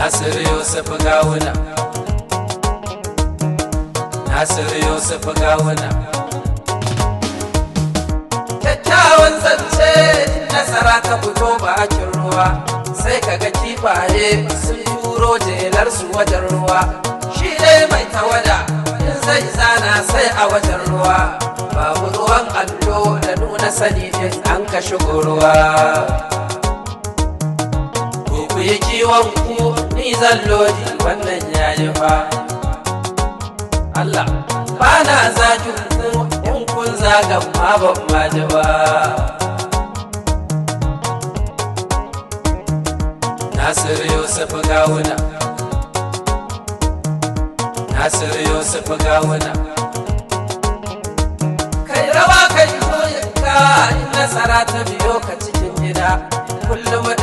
Nasir Yusuf Gawuna Nasir Yusuf Gawuna Kyakkyawan zance nasara ta fito bakin ruwa sai kaga kifaye sun turo su wajen ruwa shi dai mai tawada in zai zana sai a wajen ruwa babu ruwan allo da nuna sani ne an kashe shigo ruwa ku yi kiwon ku zan lodi wannan yayi fa Allah ba na zagin ku in kun zagan ma ban ma ji ba Nasir Yusuf Gawuna Nasir Yusuf Gawuna Kai rawa kai koyarka in nasara ta biyo ka cikin gida kullum